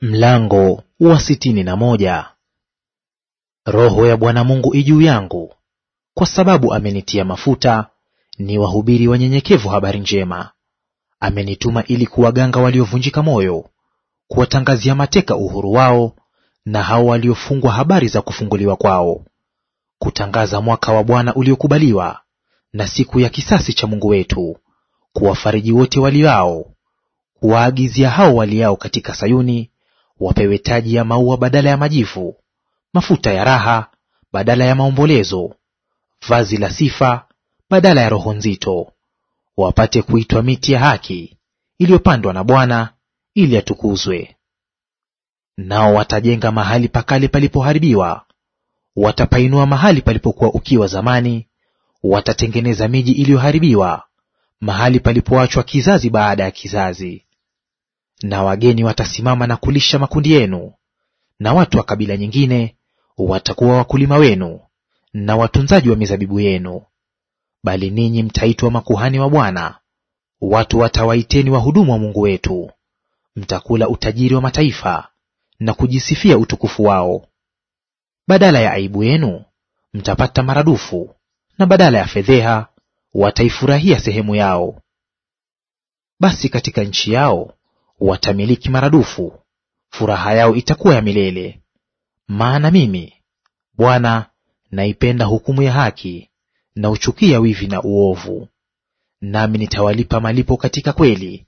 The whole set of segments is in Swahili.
Mlango wa sitini na moja. Roho ya Bwana Mungu ijuu yangu, kwa sababu amenitia mafuta ni wahubiri wanyenyekevu habari njema. Amenituma ili kuwaganga waliovunjika moyo, kuwatangazia mateka uhuru wao, na hao waliofungwa habari za kufunguliwa kwao, kutangaza mwaka wa Bwana uliokubaliwa na siku ya kisasi cha Mungu wetu, kuwafariji wote waliao, kuwaagizia hao waliao katika Sayuni wapewe taji ya maua badala ya majivu, mafuta ya raha badala ya maombolezo, vazi la sifa badala ya roho nzito, wapate kuitwa miti ya haki iliyopandwa na Bwana ili atukuzwe. Nao watajenga mahali pakale palipoharibiwa, watapainua mahali palipokuwa ukiwa zamani, watatengeneza miji iliyoharibiwa, mahali palipoachwa kizazi baada ya kizazi na wageni watasimama na kulisha makundi yenu, na watu wa kabila nyingine watakuwa wakulima wenu na watunzaji wa mizabibu yenu. Bali ninyi mtaitwa makuhani wa Bwana, watu watawaiteni wahudumu wa Mungu wetu. Mtakula utajiri wa mataifa na kujisifia utukufu wao. Badala ya aibu yenu mtapata maradufu, na badala ya fedheha wataifurahia sehemu yao. Basi katika nchi yao watamiliki maradufu, furaha yao itakuwa ya milele. Maana mimi Bwana naipenda hukumu ya haki, na uchukia wivi na uovu. Nami nitawalipa malipo katika kweli,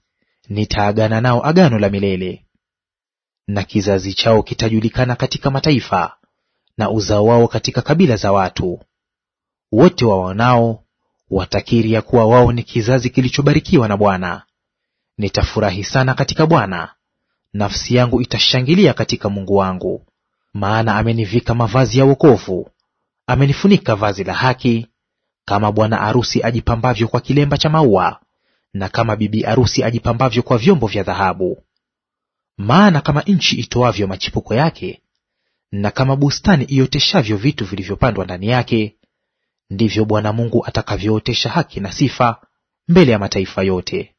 nitaagana nao agano la milele. Na kizazi chao kitajulikana katika mataifa, na uzao wao katika kabila za watu. Wote wawaonao watakiri ya kuwa wao ni kizazi kilichobarikiwa na Bwana, Nitafurahi sana katika Bwana, nafsi yangu itashangilia katika Mungu wangu. Maana amenivika mavazi ya wokovu, amenifunika vazi la haki, kama bwana arusi ajipambavyo kwa kilemba cha maua, na kama bibi arusi ajipambavyo kwa vyombo vya dhahabu. Maana kama nchi itoavyo machipuko yake, na kama bustani ioteshavyo vitu vilivyopandwa ndani yake, ndivyo Bwana Mungu atakavyootesha haki na sifa mbele ya mataifa yote.